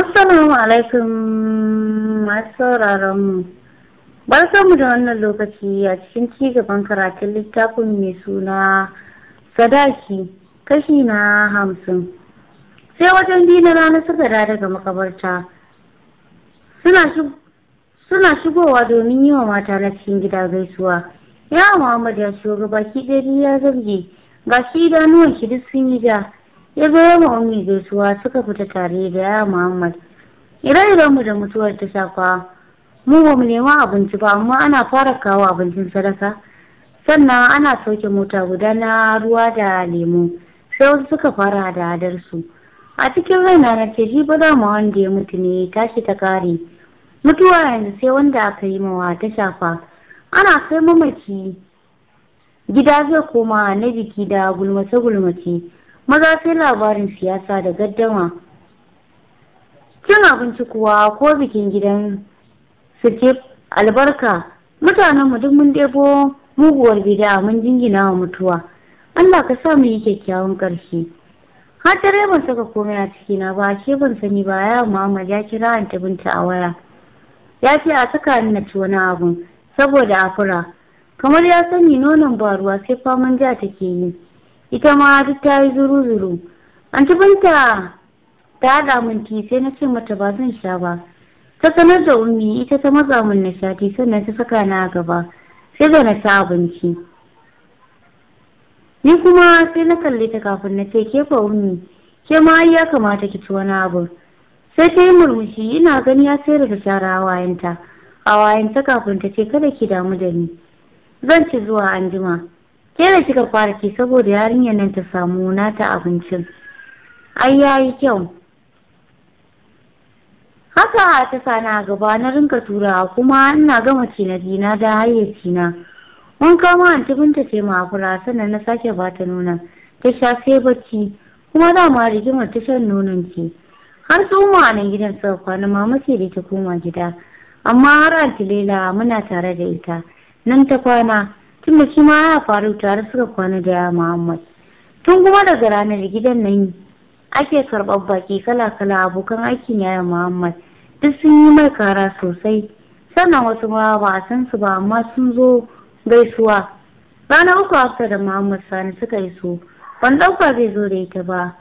Assalamu alaikum masu sauraron mu. mu da wannan lokaci a cikin ci gaban karatun littafin mai suna Sadaki kashi na hamsin. Sai wajen dina na rana suka da daga makabarta. Suna shigowa domin yi wa mata na cikin gida gaisuwa. Ya Muhammad ya shigo baki ɗari ya zarge. Ga shi idanuwan shi duk sun yi ja. ya zo ya gaisuwa suka fita tare da ya muhammad ire-iren mu da mutuwar ta shafa mu ba mu nema abinci ba amma ana fara kawo abincin sadaka sannan ana sauke mota guda na ruwa da lemu sai wasu suka fara da hadarsu a cikin raina na ce shi ba za mu wanda ya mutu ne tashi ta kare mutuwa yanzu sai wanda aka yi mawa ta shafa ana kai mamaki gida zai koma na jiki da gulmace-gulmace maza sai labarin siyasa da gaddama cin abinci kuwa ko bikin gidan suke albarka mutanenmu duk mun debo muguwar gida mun jingina wa mutuwa Allah ka sa mu yi kyakkyawan ƙarshe har dare ban saka komai a cikina ba ke ban sani ba ya Muhammad ya kira an binta a waya ya ce a saka ni na ci wani abu saboda afura kamar ya sani nonon ba ruwa sai faman ja take yi ita ma duk ta yi zuru-zuru an ci banta ta haɗa min sai na ce mata ba zan sha ba ta sanar da ummi ita ta maza min na sannan ta saka na gaba sai da na sa abinci ni kuma sai na kalle ta kafin na ce ke fa ummi ke ma ya kamata ki ci wani abu sai ta yi murmushi ina gani ya sayar da shara hawayenta hawayenta kafin ta ce kada ki damu da ni zan ci zuwa anjima ke da kika ki saboda yarinyar nan ta samu nata abincin ai yayi kyau haka ta sana gaba na rinka turawa kuma ina gama cinadi na da hayyaci na wanka ma an binta ce ma fura sannan na sake ba ta nuna ta sha sai bacci kuma dama rigimar ta shan nonon ce har tsoma a nan gidan suka kwana ma mace da ta koma gida amma har antilela muna tare da ita nan ta kwana tunda shi ma ya faru tare suka kwana da ya muhammad tun kuma daga ranar gidan nan ake karɓar baki kala-kala abokan aikin yaya muhammad duk sun yi mai kara sosai sannan wasu ma ba a san su ba amma sun zo gaisuwa ranar uku hafsa da muhammad sani suka iso ban ɗauka zai zo da ita ba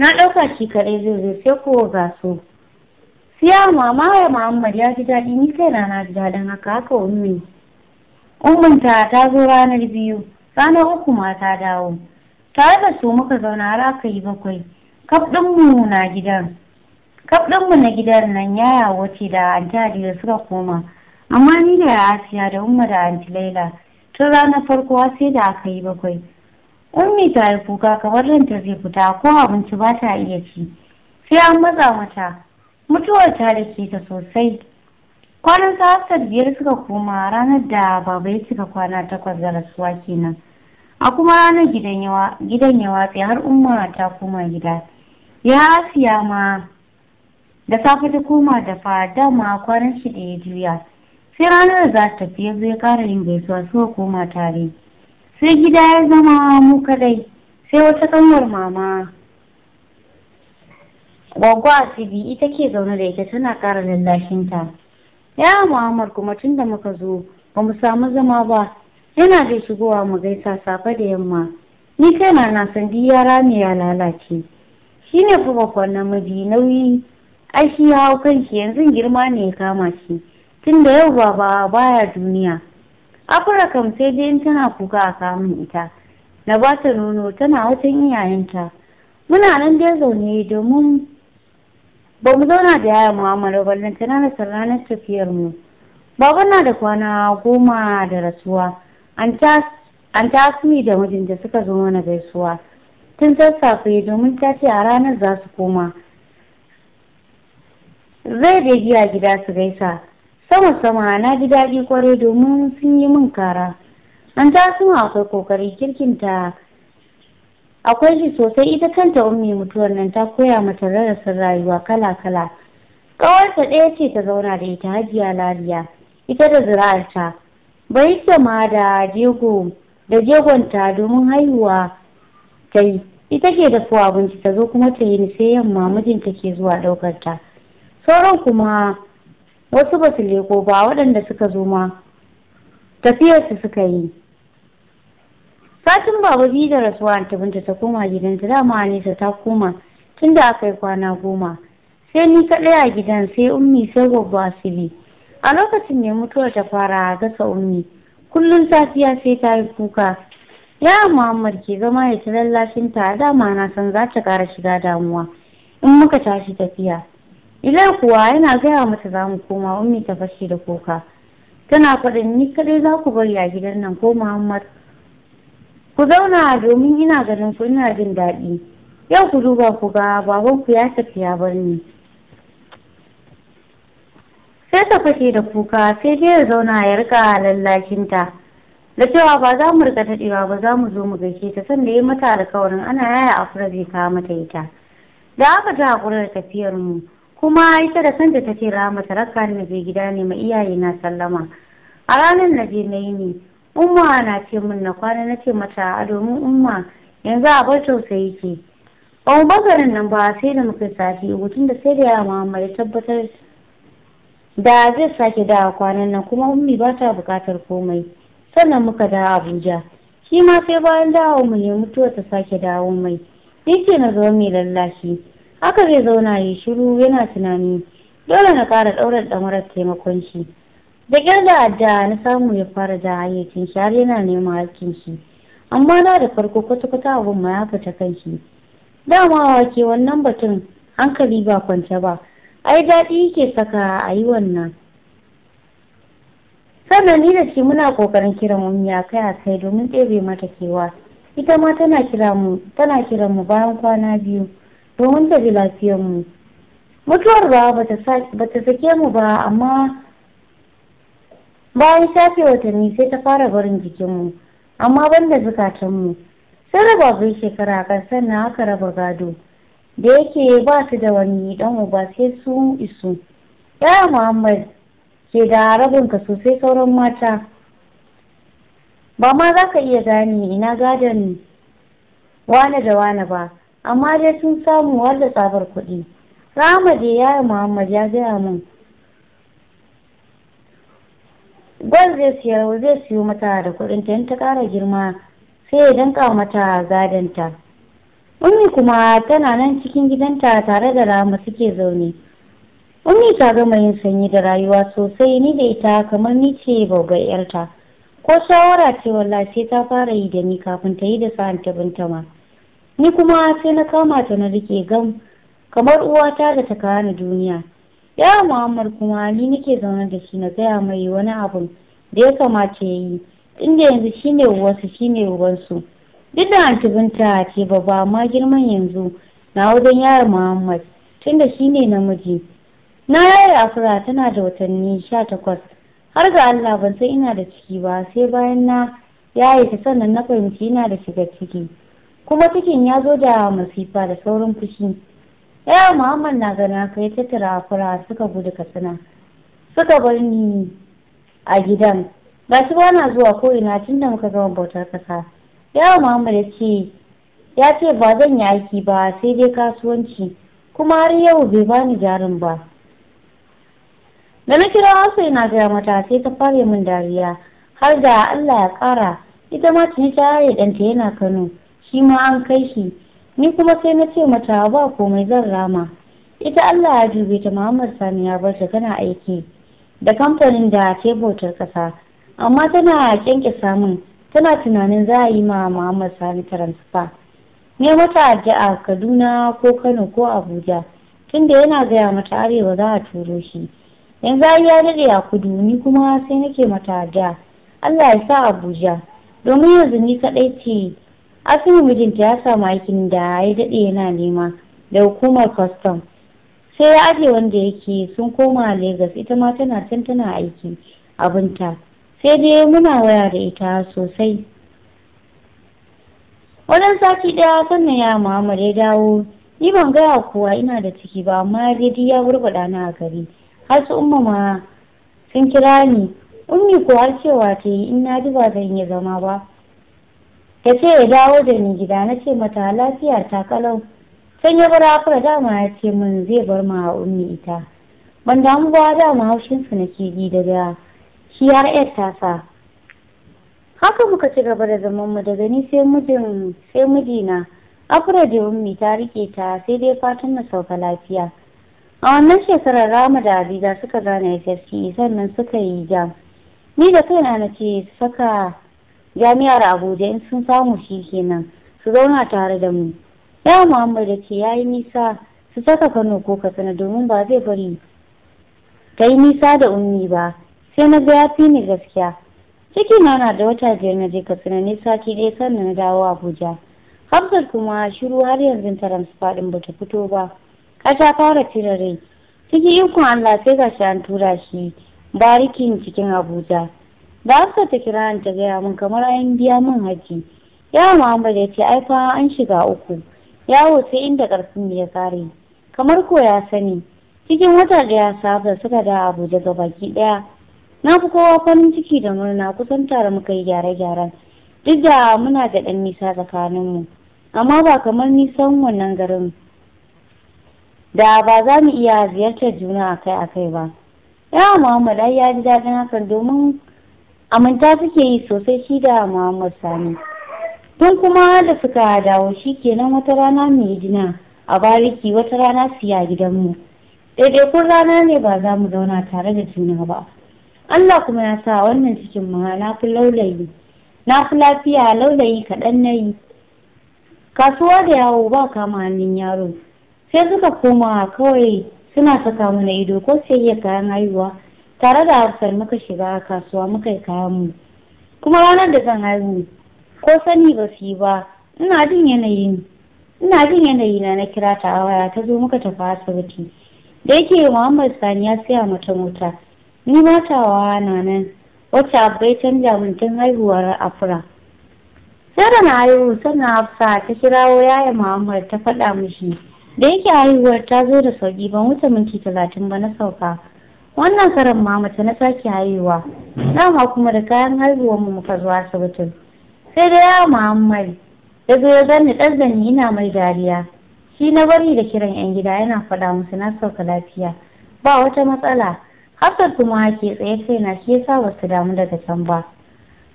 na ɗauka shi kaɗai zai zo sai kowa ga su siya mama ya muhammad ya ji daɗi ni kai na na ji daɗin haka haka ummi Umminta ta zo ranar biyu, ranar uku ma ta dawo. Tare da su muka zauna har aka yi bakwai. Kaf mu na gidan. Kaf mu na gidan nan yaya wace da anti Hadiza suka koma. Amma ni da Asiya da Umma da anti Laila tun ranar farko sai da aka yi bakwai. Ummi ta yi kuka kamar ranta zai fita ko abinci ba ta iya ci. Sai an matsa mata. Mutuwar ta da ke ta sosai. kwanan sa biyar suka koma ranar da baba ya cika kwana takwas da rasuwa kenan a kuma ranar gidan ya watsi har umma ta koma gida ya siya ma da safe ta koma da fada ma kwanan shi da ya juya sai ranar da za ta tafi ya zo ya kara yin gaisuwa suka koma tare sai gida ya zama mu kadai sai wata kanwar mama gwagwa asibi ita ke zaune da ita tana kara lallashinta ya mu'amar kuma tun da muka zo ba mu samu zama ba yana da shigowa mu gaisa safe da yamma ni kaina na san duk yara ne ya lalace shi ne fa na namiji nauyi ai shi ya hau kanki yanzu girma ne ya kama shi tun da yau ba baya duniya afirka kam sai dai in tana kuka a kamun ita na ba ta nono tana watan iyayenta muna nan dai zaune domin ba mu zauna da yaya mu'amala ba tana na tafiyar mu baba na da kwana goma da rasuwa an asumi da mijinta suka zo mana gaisuwa tun sassafe domin ta ce a ranar za su koma zai da giya gida su gaisa sama sama na ji daɗi kwarai domin sun yi min kara an asumi akwai kokari kirkinta akwai shi sosai ita kanta ummi mutuwar nan ta koya mata rarrasin rayuwa kala-kala ƙawarta ɗaya ce ta zauna da ita hajiya lariya ita da zira'arta bari ma da jego da jegonta domin haihuwa ta yi ita ke da dafa abinci ta zo kuma ta yi ni sai yamma mijinta ke zuwa ɗaukar ta sauran kuma wasu ba su leko ba waɗanda suka zo ma tafiyarsu suka yi satin babu biyu da rasuwa ta Binta ta koma gidanta dama nesa ta koma tunda aka yi kwana goma sai ni kaɗai a gidan sai ummi sai gobe asibi a lokacin ne mutuwar ta fara a gasa ummi kullum safiya sai ta yi kuka ya muhammad ke zama ya ci lallashin ta a dama na san za ta ƙara shiga damuwa in muka tashi tafiya ilai kuwa yana gaya mata za mu koma ummi ta fashe da kuka tana faɗin ni kaɗai za ku bari a gidan nan ko muhammad ku zauna domin ina ganin ku ina jin daɗi yau ku duba ku ga baban ku ya tafi ya bar ni sai ta fashe da kuka sai dai ya zauna ya rika lallakinta da cewa ba za mu rika daɗewa ba za mu zo mu gaishe ta sanda ya mata alkawarin ana yaya afra zai kawo mata ita da aka ji hakura da tafiyar mu kuma ita da da ta ce rama ta raka ni na je gida ne ma iyaye na sallama a ranar na je na yi ne umma na ce min na kwana na ce mata a domin umma yanzu a bar tausayi ke ba nan ba sai da muka sati hutun da sai da yawa muhammad ya tabbatar da zai sake da kwanan nan kuma ummi ba ta bukatar komai sannan muka da abuja shi ma sai bayan dawo mu ne mutuwa ta sake dawo mai ni ce na zo mai lallashi haka zai zauna ya shiru yana tunani dole na ƙara ɗaurar ɗamarar taimakon shi da da adda na samu ya fara da hayyacin shi har yana neman hakkin shi amma na da farko kwata-kwata abin ma ya fita kan shi dama wake wannan batun hankali ba kwance ba ai daɗi ke saka a yi wannan sannan ni da shi muna ƙoƙarin kiran mu ya kai a kai domin ɗebe mata kewa ita ma tana kira mu kiran mu bayan kwana biyu domin ta ji lafiyar mu mutuwar ba ba ta sake mu ba amma bayan shafe watanni sai ta fara barin jikinmu amma ban banda zukatanmu sun raba bai shekara kan sannan aka raba gado da yake ba su da wani dan uba sai su isu yaya muhammad ke da rabin ka sosai sauran mata ba ma za ka iya gane ina gadon wane da wane ba amma dai sun samu har da tsabar kuɗi rahama da yaya muhammad ya gaya mun gwal zai siya zai siyo mata da kuɗin ta in ta ƙara girma sai ya danka mata gadonta ummi kuma tana nan cikin gidanta tare da rama suke zaune ummi ta gama yin sanyi da rayuwa sosai ni da ita kamar ni ce babbar yarta ko shawara ce wallahi sai ta fara yi da ni kafin ta yi da sa'an ta binta ma ni kuma sai na kama ta na rike gam kamar uwata da ta kawo duniya ya muhammad kuma ni nake zaune da shi na gaya mai wani abun da ya kamata ya yi inda yanzu shine shi shine ubansu duk da antibinta ce babba amma girman yanzu na wajen yara muhammad tunda shine namiji na yaya afira tana da watanni sha takwas har ga allah ban san ina da ciki ba sai bayan na yaye ta sannan na fahimci ina da shiga ciki kuma cikin ya zo da masifa da saurin fushi yaya muhammad na gana kai ta tirafura suka gudu katsina suka bar ni a gidan gashi ba na zuwa ko ina tun da muka zama bautar kasa yawa muhammad ya ce ya ce ba zan yi aiki ba sai dai kasuwanci kuma har yau bai ba ni jarin ba da na kira wasu ina gaya mata sai ta fara min dariya har da allah ya kara ita ma tuni ta yare ɗanta yana kano shi ma an kai shi ni kuma sai na ce mata ba komai zan rama ita Allah ya dube ta Muhammad Sani ya bar ta kana aiki da kamfanin da ke bautar kasa amma tana kyanke samun tana tunanin za a yi ma Muhammad Sani transfer ne mata addu'a Kaduna ko Kano ko Abuja tunda yana gaya mata arewa za a turo shi yanzu ai ya dade a kudu ni kuma sai nake mata addu'a Allah ya sa Abuja domin yanzu ni kaɗai ce asibu mijinta ya samu aikin da ya daɗe yana nema da hukumar kwastam sai ya aje wanda yake sun koma Legas ita ma tana can tana aiki abinta sai dai muna waya da ita sosai wadan sati ɗaya sannan ya Muhammad ya dawo ni ban gaya kowa ina da ciki ba amma dai ya burbaɗa na a gari har su umma ma sun kira ni ummi ko har cewa ta yi in na ji ba zan iya zama ba ya ce ya dawo da ni gida na ce mata lafiya ta kalau can ya bar afra dama ya ce min zai bar ma ummi ita ban damu ba da dama haushinsu nake ji da shi har yar sa. haka muka ci gaba da zaman mu daga ni sai mijin sai mijina afra da ummi ta rike ta sai dai fatan na sauka lafiya a wannan shekarar rama da abida suka gane ssc sannan suka yi jam ni da kaina na ce saka jami'ar abuja in sun samu shi kenan su zauna tare da mu ya muhammad da ce ya yi nisa su saka kano ko katsina domin ba zai bari ta yi nisa da ummi ba sai na ga ya fi ni gaskiya ciki na na da wata biyar na je katsina ne sati ɗaya sannan na dawo abuja hafsat kuma shiru har yanzu ta su faɗin ba ta fito ba ƙasa fara cire rai ciki ikon allah sai ga shi an tura shi barikin cikin abuja da haka ta kira ni ta gaya min kamar an biya min haji ya muhammad ya ce ai fa an shiga uku yawo sai inda karfin ya kare kamar ko ya sani cikin wata da ya saba suka da abuja ga baki daya na fi kowa farin ciki da murna kusan tare muka yi gyare-gyaren duk da muna da ɗan nisa tsakaninmu amma ba kamar nisan wannan garin da ba za mu iya ziyartar juna akai-akai ba ya muhammad ai ya ji daɗin hakan domin aminta suke yi sosai shi da muhammad sani Tun kuma da suka dawo shi kenan wata rana mai jina a bariki wata rana su ya gidanmu ɗaiɗaikun rana ne ba za mu zauna tare da juna ba allah kuma ya sa wannan cikin ma na fi laulayi na fi lafiya laulayi kaɗan na yi kasuwa da yawo ba kama hannun yaro sai suka koma kawai suna saka mana ido ko sai iya kayan haihuwa tare da hausar muka shiga a kasuwa muka yi kayan mu kuma ranar da zan haihu ko sani ba su yi ba ina jin yanayi ina jin yanayi na na kira ta waya ta zo muka tafi asibiti da yake muhammad sani ya siya mata mota ni ma ta na nan wacce abu ya canja min tun haihuwar afra sai da na haihu sannan hafsa ta kirawo yaya muhammad ta faɗa mishi da yake haihuwar ta zo da sauki ban wuce minti talatin ba na sauka wannan karan ma mace na sake haihuwa dama kuma da kayan haihuwar mu muka zuwa asibitin sai da yawa muhammad ya zo ya gani ɗan ina mai dariya shi na bari da kiran yan gida yana faɗa musu na sauka lafiya ba wata matsala hafsat kuma ke tsaye sai na shi yasa ba su damu daga can ba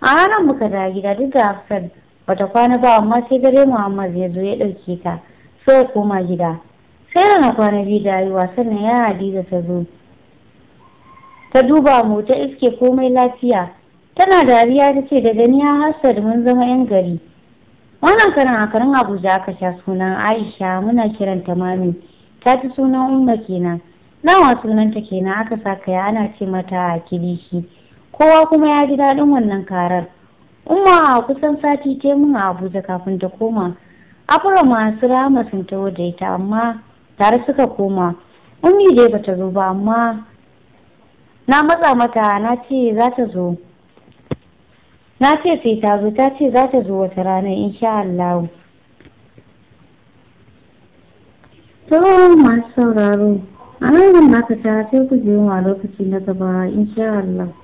a ranar muka da gida duk da hafsat bata kwana ba amma sai dare muhammad ya zo ya ɗauke ta sai ya koma gida sai da na kwana biyu da haihuwa sannan ya hadiza ta zo ta duba mu ta iske komai lafiya tana dariya ta ce daga ni da mun zama yan gari wannan karin a karin abuja aka sha sunan aisha muna kiranta mami ta ci sunan umma kenan nawa sunanta kenan aka sa kaya ana ce mata a kilishi kowa kuma ya ji daɗin wannan karar umma kusan sati ta mun a abuja kafin ta koma afra masu rama sun taho da ita amma tare suka koma ummi dai bata zo ba amma na matsa mata na ce za ta zo na ce sai ta zo ta ce za ta zo wata rana insha Allah to masu sauraro a nan zan baka ta sai ku je wa lokaci na gaba insha Allah